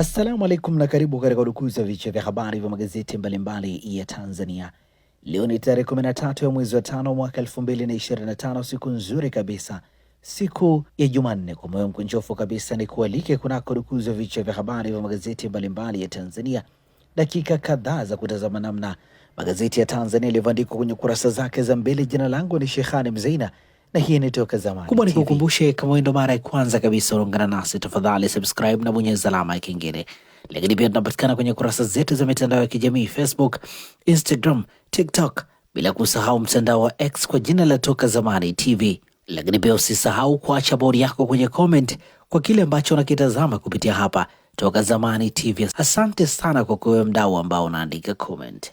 Assalamu alaikum na karibu katika udukuzi wa vichwa vya habari vya magazeti mbalimbali mbali ya Tanzania. Leo ni tarehe 13 ya mwezi wa tano mwaka 2025, siku nzuri kabisa, siku ya Jumanne. Kwa moyo mkunjofu kabisa ni kualike kunako udukuzi wa vichwa vya habari vya magazeti mbalimbali mbali ya Tanzania, dakika kadhaa za kutazama namna magazeti ya Tanzania yalivyoandikwa kwenye kurasa zake za mbele. Jina langu ni shehani Mzeina na hii inatoka Zamani. Kumbuka ni kukumbushe, kama wewe ndo mara ya kwanza kabisa unaungana nasi, tafadhali subscribe na bonyeza alama ya kengele. Lakini pia tunapatikana kwenye kurasa zetu za mitandao ya kijamii Facebook, Instagram, TikTok, bila kusahau mtandao wa X kwa jina la Toka Zamani TV. Lakini pia usisahau kuacha bodi yako kwenye comment kwa kile ambacho unakitazama kupitia hapa Toka Zamani TV. Asante sana kwa kuwe mdau ambao unaandika comment.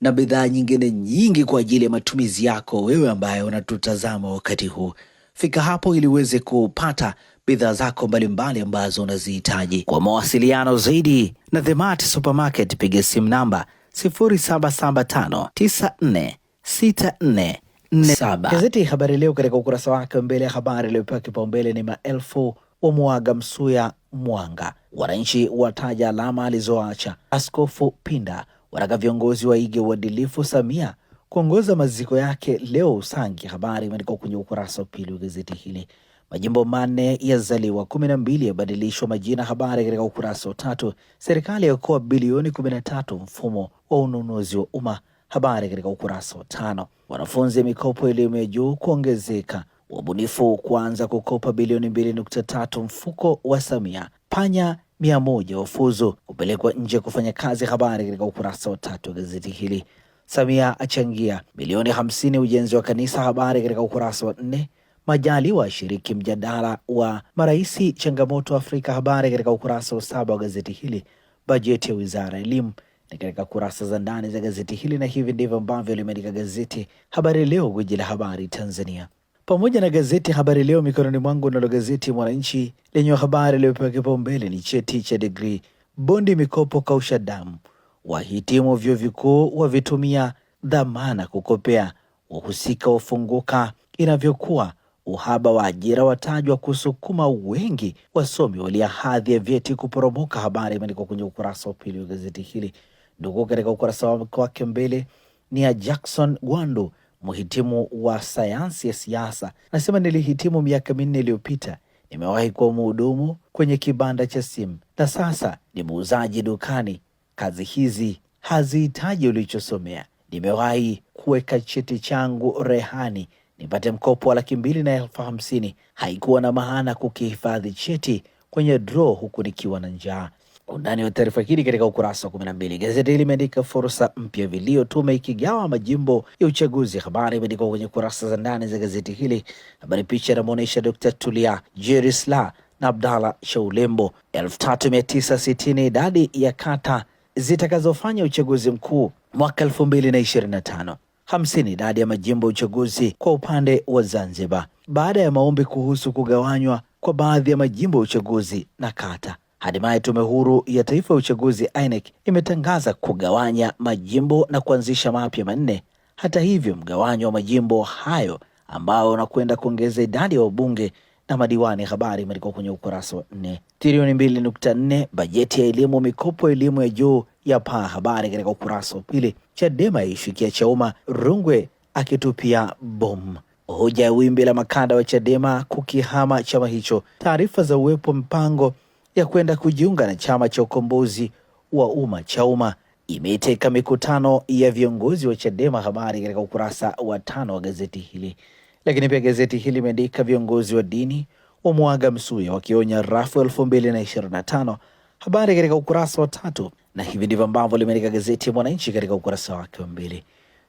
na bidhaa nyingine nyingi kwa ajili ya matumizi yako wewe ambaye unatutazama wakati huu. Fika hapo ili uweze kupata bidhaa zako mbalimbali ambazo unazihitaji. Kwa mawasiliano zaidi na The Mart Supermarket, piga simu namba 0775946447. Gazeti Habari Leo katika ukurasa wake mbele ya habari iliyopewa kipaumbele ni maelfu wa mwaga msuya mwanga, wananchi wataja alama alizoacha Askofu Pinda wataka viongozi waige uadilifu Samia kuongoza maziko yake leo Usangi. Habari imeandikwa kwenye ukurasa wa pili wa gazeti hili. Majimbo manne yazaliwa kumi na mbili yabadilishwa majina, habari katika ukurasa wa tatu. Serikali yaokoa bilioni kumi na tatu mfumo wa ununuzi wa umma, habari katika ukurasa wa tano. Wanafunzi mikopo elimu ya juu kuongezeka, wabunifu kuanza kukopa bilioni mbili nukta tatu mfuko wa Samia. Panya mia moja wafuzu kupelekwa nje kufanya kazi. Habari katika ukurasa wa tatu wa gazeti hili. Samia achangia milioni hamsini ujenzi wa kanisa. Habari katika ukurasa wa nne. majali washiriki mjadala wa maraisi changamoto Afrika. Habari katika ukurasa wa saba wa gazeti hili. Bajeti ya wizara ya elimu ni katika kurasa za ndani za gazeti hili, na hivi ndivyo ambavyo limeandika gazeti Habari Leo, gwiji la habari Tanzania pamoja na gazeti Habari Leo mikononi mwangu. Nalo gazeti Mwananchi lenye wa habari iliyopewa kipaumbele ni cheti cha digrii, bondi, mikopo kausha damu, wahitimu vyuo vikuu wavitumia dhamana kukopea, wahusika wafunguka inavyokuwa, uhaba wa ajira watajwa kusukuma wengi, wasomi walia hadhi ya vyeti kuporomoka. Habari imeandikwa kwenye ukurasa wa pili wa gazeti hili. Ndugu, katika ukurasa wake mbele ni ya Jackson Gwandu mhitimu wa sayansi ya siasa, anasema nilihitimu miaka minne iliyopita. Nimewahi kuwa mhudumu kwenye kibanda cha simu na sasa ni muuzaji dukani. Kazi hizi hazihitaji ulichosomea. Nimewahi kuweka cheti changu rehani nipate mkopo wa laki mbili na elfu hamsini. Haikuwa na maana kukihifadhi cheti kwenye dro huku nikiwa na njaa. Undani wa taarifa hili katika ukurasa wa kumi na mbili. Gazeti hili limeandika fursa mpya vilio, tume ikigawa majimbo ya uchaguzi. Habari imeandikwa kwenye kurasa za ndani za gazeti hili. Habari picha inamwonyesha Dr. Tulia Jerisla na Abdalla Shaulembo. elfu tatu mia tisa sitini idadi ya kata zitakazofanya uchaguzi mkuu mwaka elfu mbili na ishirini na tano hamsini idadi ya majimbo ya uchaguzi kwa upande wa Zanzibar, baada ya maombi kuhusu kugawanywa kwa baadhi ya majimbo ya uchaguzi na kata Hatimaye Tume Huru ya Taifa ya Uchaguzi INEC imetangaza kugawanya majimbo na kuanzisha mapya manne. Hata hivyo, mgawanyo wa majimbo hayo ambao unakwenda kuongeza idadi ya wabunge na madiwani. Habari imeandikwa kwenye ukurasa wa nne. Trilioni mbili nukta nne bajeti ya elimu, mikopo ya elimu ya juu ya paa. Habari katika ukurasa wa pili. Chadema yaishikia Chauma, Rungwe akitupia bomu. Hoja ya wimbi la makada wa Chadema kukihama chama hicho. Taarifa za uwepo mpango ya kwenda kujiunga na chama cha ukombozi wa umma cha umma imeteka mikutano ya viongozi wa Chadema, habari katika ukurasa wa tano wa gazeti hili. Lakini pia gazeti hili imeandika viongozi wa dini wa mwaga msuya wakionya rafu elfu mbili na ishirini na tano habari katika ukurasa wa tatu, na hivi ndivyo ambavyo limeandika gazeti ya Mwananchi katika ukurasa wake wa mbili.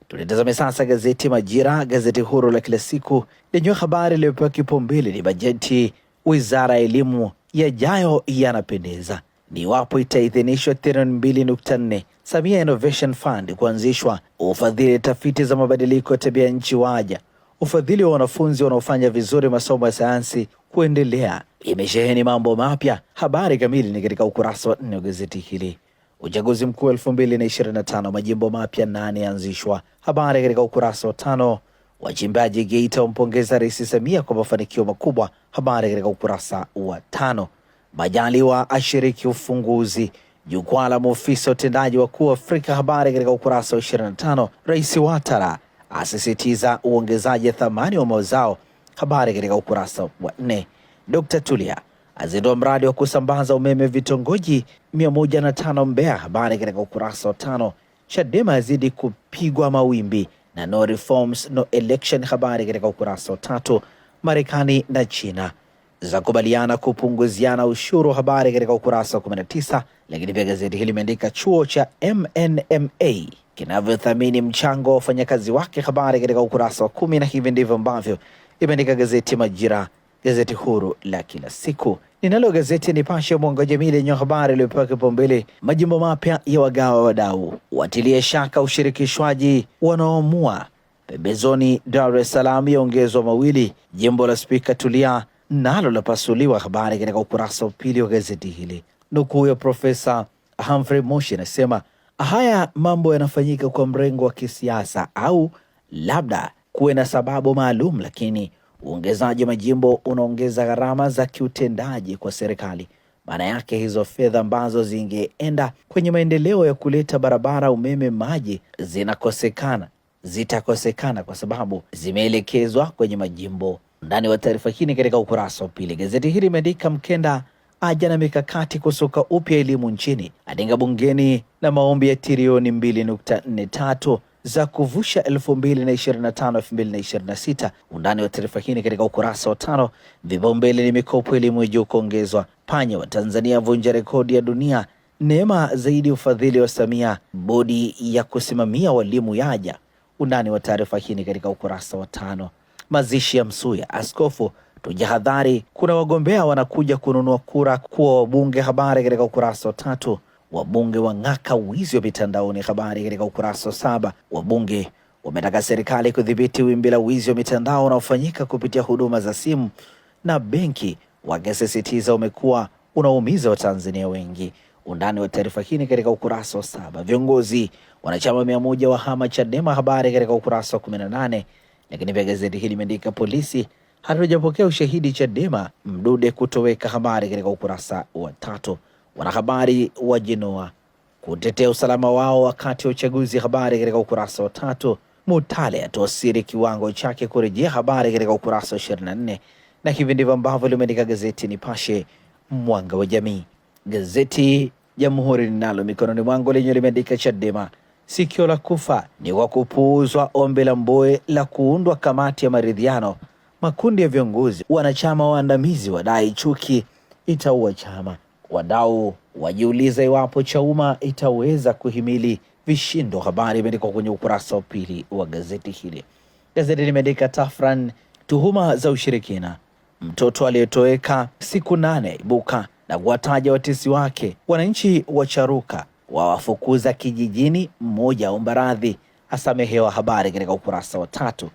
Tulitazame sasa gazeti Majira, gazeti huru la kila siku lenye habari iliyopewa kipaumbele ni bajeti wizara ya elimu yajayo yanapendeza. Ni iwapo itaidhinishwa trilioni mbili Samia Innovation Fund kuanzishwa, ufadhili tafiti za mabadiliko ya tabia nchi waja, ufadhili wa wanafunzi wanaofanya vizuri masomo ya sayansi kuendelea. Imesheheni mambo mapya. Habari kamili ni katika ukurasa wa nne wa gazeti hili. Uchaguzi mkuu 225 majimbo mapya nane yaanzishwa. Habari katika ukurasa wa tano. Wachimbaji Geita wampongeza Rais Samia kwa mafanikio makubwa, habari katika ukurasa wa tano. Majaliwa ashiriki ufunguzi jukwaa la maofisa wa wakuu Afrika, habari katika ukurasa wa 25. Rais Watara asisitiza uongezaji thamani wa mazao, habari katika ukurasa wa nne. Dr. Tulia azindua mradi wa kusambaza umeme vitongoji 105 Mbeya, habari katika ukurasa wa tano Chadema azidi kupigwa mawimbi na no reforms, no election, habari katika ukurasa wa tatu. Marekani na China zakubaliana kupunguziana ushuru, habari katika ukurasa wa 19. Lakini pia gazeti hili limeandika chuo cha MNMA kinavyothamini mchango wa wafanyakazi wake, habari katika ukurasa wa kumi, na hivi ndivyo ambavyo imeandika gazeti Majira gazeti huru la kila siku. Ninalo gazeti Nipashe Mwanga wa Jamii lenye habari iliyopewa kipaumbele, majimbo mapya ya wagawa wadau, watilie shaka ushirikishwaji wanaoamua pembezoni. Dar es Salaam yaongezwa mawili, jimbo la spika Tulia nalo lapasuliwa. Habari katika ukurasa wa pili wa gazeti hili. Nukuu ya Profesa Humphrey Moshi inasema haya mambo yanafanyika kwa mrengo wa kisiasa au labda kuwe na sababu maalum, lakini Uongezaji wa majimbo unaongeza gharama za kiutendaji kwa serikali. Maana yake hizo fedha ambazo zingeenda kwenye maendeleo ya kuleta barabara, umeme, maji zinakosekana, zitakosekana kwa sababu zimeelekezwa kwenye majimbo. Ndani wa taarifa hii ni katika ukurasa wa pili. Gazeti hili limeandika Mkenda aja na mikakati kusoka upya elimu nchini, adinga bungeni na maombi ya trilioni mbili nukta nne tatu za kuvusha 2025 2026. Undani wa taarifa hii katika ukurasa wa tano. Vipaumbele ni mikopo elimu ya juu kuongezwa, panya wa Tanzania vunja rekodi ya dunia, neema zaidi ufadhili wa Samia, bodi ya kusimamia walimu yaja. Undani wa taarifa hii katika ukurasa wa tano. Mazishi ya Msuya, askofu tujahadhari, kuna wagombea wanakuja kununua kura kuwa wabunge. Habari katika ukurasa wa tatu wabunge wang'aka wizi wa mitandaoni. Habari katika ukurasa wa saba. Wabunge wametaka serikali kudhibiti wimbi la wizi wa mitandao unaofanyika kupitia huduma za simu na benki, wakisisitiza umekuwa unaumiza Watanzania wengi. Undani wa taarifa hii ni katika ukurasa wa saba. Viongozi wanachama mia moja wa hama Chadema, habari katika ukurasa wa kumi na nane. Lakini pia gazeti hili limeandika polisi hatujapokea ushahidi Chadema, Mdude kutoweka, habari katika ukurasa wa tatu wanahabari wa Genoa kutetea usalama wao wakati wa uchaguzi. Habari katika ukurasa wa tatu. Mutale atuasiri kiwango chake kurejea. Habari katika ukurasa wa 24, na hivi ndivyo ambavyo limeandika gazeti Nipashe mwanga wa jamii. Gazeti Jamhuri ninalo mikononi mwangu lenye limeandika Chadema sikio la kufa ni kwa kupuuzwa ombi la Mboe la kuundwa kamati ya maridhiano. Makundi ya viongozi wanachama waandamizi wadai chuki itaua chama wadau wajiuliza iwapo umma itaweza kuhimili vishindo. Habari imeandikwa kwenye ukurasa wa pili wa gazeti hili. Gazeti limeandika tafran tuhuma za ushirikina, mtoto aliyetoweka siku nane ibuka na kuwataja watesi wake, wananchi wacharuka, wawafukuza kijijini, mmoja aomba radhi asamehewa. Habari katika ukurasa wa tatu.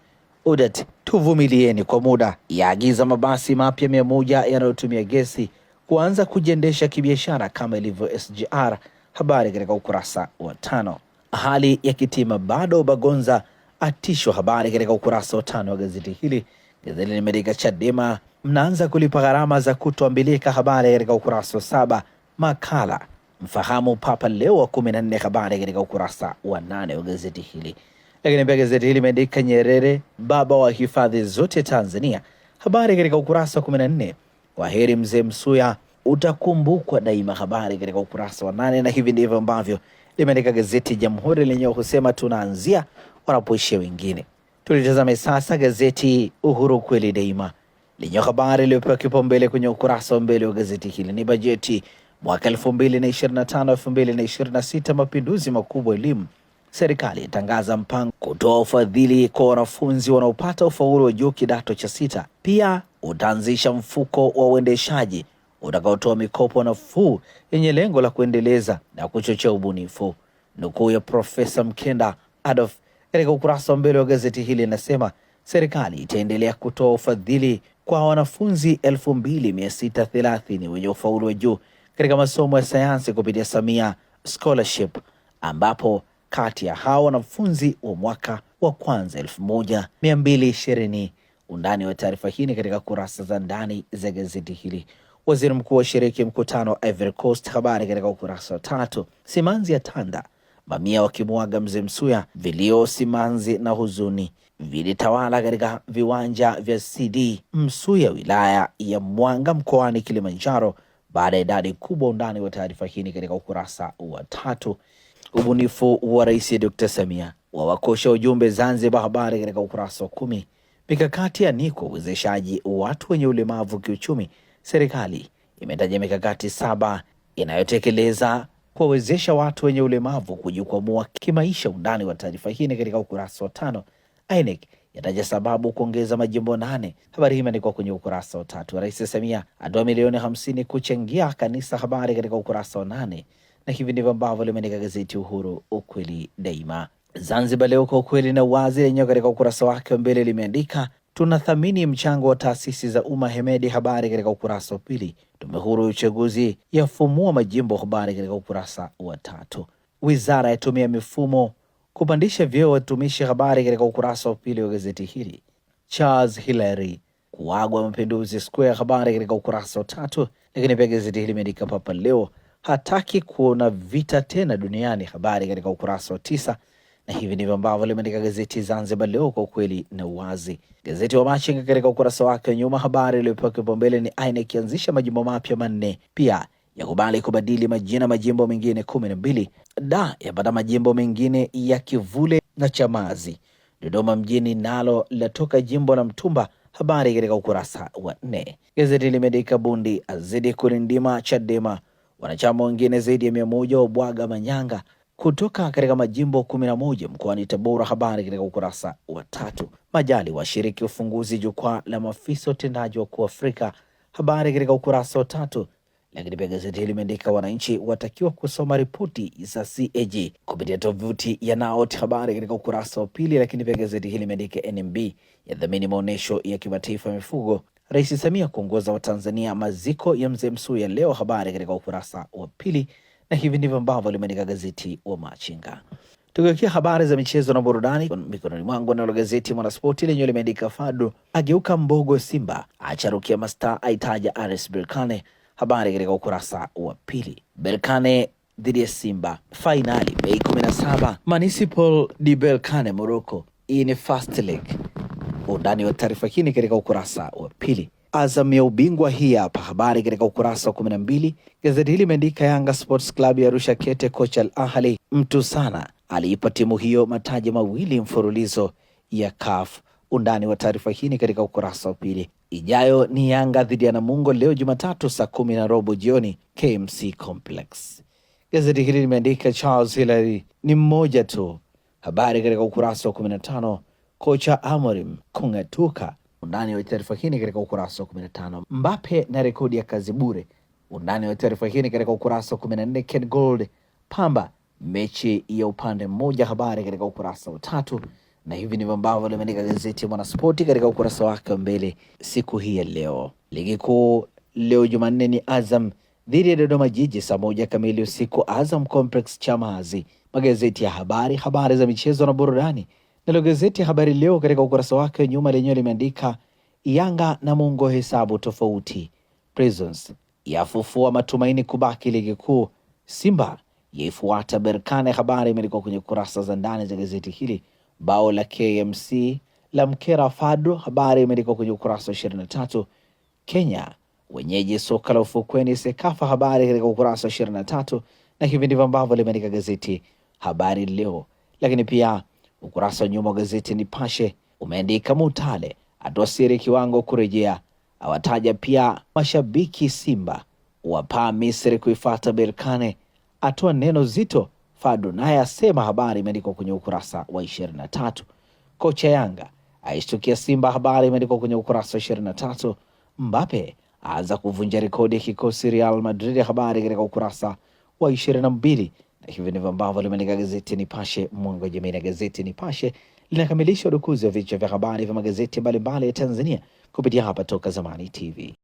UDET, tuvumilieni kwa muda, yaagiza mabasi mapya mia moja yanayotumia gesi kuanza kujiendesha kibiashara kama ilivyo SGR. Habari katika ukurasa wa tano. Hali ya Kitima bado Bagonza atishwa, habari katika ukurasa wa tano wa gazeti hili. Gazeti limeandika Chadema mnaanza kulipa gharama za kutoambilika, habari katika ukurasa wa saba. Makala mfahamu Papa Leo wa kumi na nne, habari katika ukurasa wa nane wa gazeti hili. Lakini pia gazeti hili limeandika Nyerere baba wa hifadhi zote Tanzania, habari katika ukurasa wa kumi na nne. Kwa heri mzee Msuya, utakumbukwa daima. Habari katika ukurasa wa nane, na hivi ndivyo ambavyo limeandika gazeti Jamhuri lenyewe husema tunaanzia wanapoishia wengine. Tulitazame sasa gazeti Uhuru kweli daima lenye habari iliyopewa kipaumbele kwenye ukurasa wa mbele wa gazeti hili ni bajeti mwaka 2025 mapinduzi makubwa elimu serikali itangaza mpango kutoa ufadhili kwa wanafunzi wanaopata ufaulu wa juu kidato cha sita. Pia utaanzisha mfuko wa uendeshaji utakaotoa mikopo nafuu yenye lengo la kuendeleza na kuchochea ubunifu. Nukuu ya Profesa Mkenda Adolf katika ukurasa wa mbele wa gazeti hili inasema serikali itaendelea kutoa ufadhili kwa wanafunzi 2630 wenye ufaulu wa juu katika masomo ya sayansi kupitia Samia Scholarship ambapo kati ya hawa wanafunzi wa mwaka wa kwanza elfu moja mia mbili ishirini. Undani wa taarifa hii ni katika kurasa za ndani za gazeti hili. Waziri mkuu washiriki mkutano wa Ivory Coast, habari katika ukurasa wa tatu. Simanzi ya tanda mamia wakimwaga mzee Msuya, vilio simanzi na huzuni vilitawala katika viwanja vya CD Msuya wilaya ya Mwanga mkoani Kilimanjaro baada ya idadi kubwa. Undani wa taarifa hii katika ukurasa wa tatu ubunifu wa Rais Dr. Samia wawakosha ujumbe Zanzibar. Habari katika ukurasa wa kumi. Mikakati ya niko uwezeshaji watu wenye ulemavu kiuchumi. Serikali imetaja mikakati saba inayotekeleza kuwawezesha watu wenye ulemavu kujikwamua kimaisha. Undani wa taarifa hii ni katika ukurasa wa tano. INEC yataja sababu kuongeza majimbo nane. Habari hii imeandikwa kwenye ukurasa wa tatu. Rais Samia atoa milioni hamsini kuchangia kanisa. Habari katika ukurasa wa nane na hivi ndivyo ambavyo limeandika gazeti Uhuru ukweli daima. Zanzibar Leo kwa ukweli na uwazi lenyewe katika ukurasa wake wa mbele limeandika tunathamini mchango wa taasisi za umma Hemedi. Habari katika ukurasa wa pili. Tume huru ya uchaguzi yafumua majimbo, habari katika ukurasa wa tatu. Wizara yatumia mifumo kupandisha vyeo watumishi, habari katika ukurasa wa pili wa gazeti hili. Charles Hilary kuagwa Mapinduzi Square, habari katika ukurasa wa tatu. Lakini pia gazeti hili limeandika Papa Leo hataki kuona vita tena duniani. Habari katika ukurasa wa tisa, na hivi ndivyo ambavyo limeandika gazeti Zanzibar Leo, kwa ukweli na uwazi. Gazeti wa Machinga katika ukurasa wake nyuma, habari iliyopewa kipaumbele ni aina ikianzisha majimbo mapya manne, pia yakubali kubadili majina majimbo mengine kumi na mbili, da yapata majimbo mengine ya Kivule na Chamazi. Dodoma mjini nalo latoka jimbo la Mtumba. Habari katika ukurasa wa nne. Gazeti limeandika bundi azidi kulindima Chadema Wanachama wengine zaidi ya mia moja wa bwaga manyanga kutoka katika majimbo kumi na moja mkoani Tabora. Habari katika ukurasa wa tatu. Majali washiriki ufunguzi jukwaa la maafisa watendaji wakuu Afrika. Habari katika ukurasa wa tatu. Lakini pia gazeti hili limeandika wananchi watakiwa kusoma ripoti za CAG kupitia tovuti ya NAOT. Habari katika ukurasa wa pili. Lakini pia gazeti hili limeandika NMB yadhamini maonyesho ya kimataifa ya mifugo Rais Samia kuongoza Watanzania maziko ya mzee Msuya leo, habari katika ukurasa wa pili, na hivi ndivyo ambavyo limeandika gazeti wa Machinga. Tukiwekia habari za michezo na burudani mikononi mwangu, nalo gazeti Mwanaspoti lenyewe limeandika fadu ageuka mbogo Simba, acharukia masta aitaja aris Berkane. Habari katika ukurasa wa pili. Berkane dhidi ya Simba fainali Mei 17 Municipal di Berkane Morocco. Hii ni first leg Undani wa taarifa hii ni katika ukurasa wa pili. Azam ya ubingwa, hii hapa habari katika ukurasa wa kumi na mbili. Gazeti hili imeandika Yanga Sports Club ya Arusha kete, kocha Al Ahli mtu sana aliipa timu hiyo mataji mawili mfululizo ya CAF. Undani wa taarifa hii ni katika ukurasa wa pili. Ijayo ni Yanga dhidi ya Namungo leo Jumatatu saa kumi na robo jioni KMC Complex. Gazeti hili limeandika Charles Hilary ni mmoja tu, habari katika ukurasa wa kumi na tano kocha Amorim kung'atuka. Undani wa taarifa hii katika ukurasa wa 15. Mbappe na rekodi ya kazi bure. Undani wa taarifa hii katika ukurasa wa 14. Ken Gold pamba mechi ya upande mmoja, habari katika ukurasa wa tatu na hivi ndivyo ambavyo limeandika gazeti ya Mwanaspoti katika ukurasa wake wa mbele siku hii ya leo. Ligi kuu leo Jumanne ni Azam dhidi ya Dodoma Jiji saa moja kamili usiku Azam Complex Chamazi. Magazeti ya habari, habari za michezo na burudani Nalo gazeti Habari Leo katika ukurasa wake nyuma lenyewe limeandika Yanga na Mungo hesabu tofauti, Prisons yafufua matumaini kubaki ligi kuu, Simba yaifuata Berkane. Habari imeandikwa kwenye kurasa za ndani za gazeti hili. Bao la KMC la mkera Fadlu, habari imeandikwa kwenye ukurasa wa 23. Kenya wenyeji soka la ufukweni Sekafa, habari katika ukurasa wa 23, na hivi ndivyo ambavyo limeandika gazeti Habari Leo. Lakini pia Ukurasa wa nyuma wa gazeti Nipashe umeandika Mutale atuasiri kiwango kurejea, awataja pia mashabiki Simba wapaa Misri kuifata Berkane, atoa neno zito Fadu naye asema. Habari imeandikwa kwenye ukurasa wa ishirini na tatu. Kocha Yanga aishtukia Simba, habari imeandikwa kwenye ukurasa wa ishirini na tatu. Mbape aanza kuvunja rekodi ya kikosi Real Madrid, habari katika ukurasa wa ishirini na mbili. Hivyo ndivyo ambavyo limeandika gazeti Nipashe, mwanga wa jamii, na gazeti Nipashe linakamilisha udukuzi wa vichwa vya habari vya magazeti mbalimbali ya Tanzania kupitia hapa Toka Zamani TV.